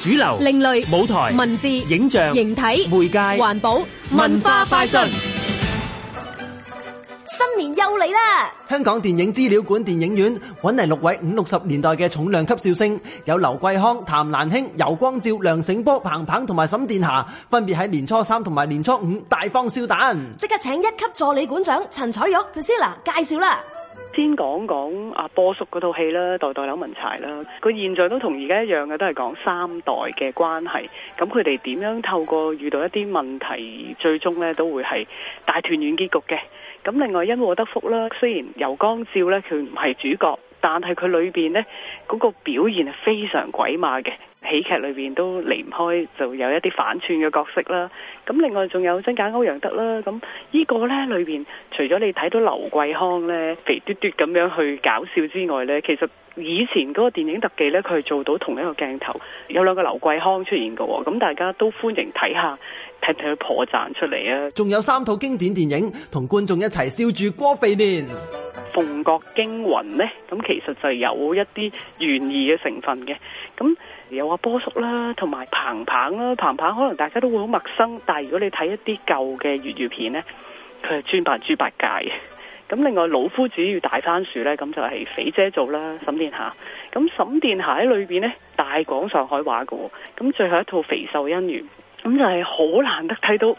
主流、另類、舞台、文字、影像、形體、媒介、環保、文化快訊，新年又嚟啦！香港電影資料館電影院揾嚟六位五六十年代嘅重量級笑星，有劉桂康、譚蘭卿、尤光照、梁醒波、彭彭同埋沈殿霞，分別喺年初三同埋年初五大方笑彈。即刻請一級助理館長陳彩玉 Priscilla 介紹啦！先講講阿波叔嗰套戲啦，《代代柳文柴》啦，佢現在都同而家一樣嘅，都係講三代嘅關係。咁佢哋點樣透過遇到一啲問題，最終呢都會係大團圓結局嘅。咁另外《因禍得福》啦，雖然尤光照呢，佢唔係主角，但係佢裏面呢，嗰個表現係非常鬼馬嘅。喜劇裏邊都離唔開，就有一啲反串嘅角色啦。咁另外仲有真假歐陽德啦。咁呢個呢裏邊，除咗你睇到劉桂康呢，肥嘟嘟咁樣去搞笑之外呢，其實以前嗰個電影特技呢，佢係做到同一個鏡頭有兩個劉桂康出現嘅。咁大家都歡迎睇下，睇睇佢破綻出嚟啊。仲有三套經典電影同觀眾一齊笑住過肥年，《鳳閣驚魂》呢，咁其實就有一啲懸疑嘅成分嘅。咁有阿波叔啦，同埋彭彭啦，彭彭可能大家都會好陌生，但係如果你睇一啲舊嘅粵語片呢，佢係專扮豬八戒嘅。咁另外老夫子與大番薯呢，咁就係肥姐做啦，沈殿霞。咁沈殿霞喺裏邊呢，大講上海話噶。咁最後一套肥瘦姻緣，咁就係好難得睇到。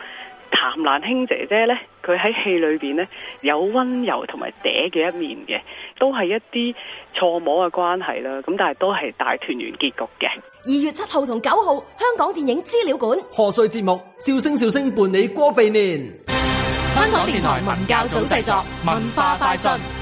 譚蘭卿姐姐咧，佢喺戲裏邊咧，有温柔同埋嗲嘅一面嘅，都係一啲錯摸嘅關係啦。咁但係都係大團圓結局嘅。二月七號同九號，香港電影資料館賀歲節目《笑聲笑聲伴你過肥年》。香港電台文教組製作文化快訊。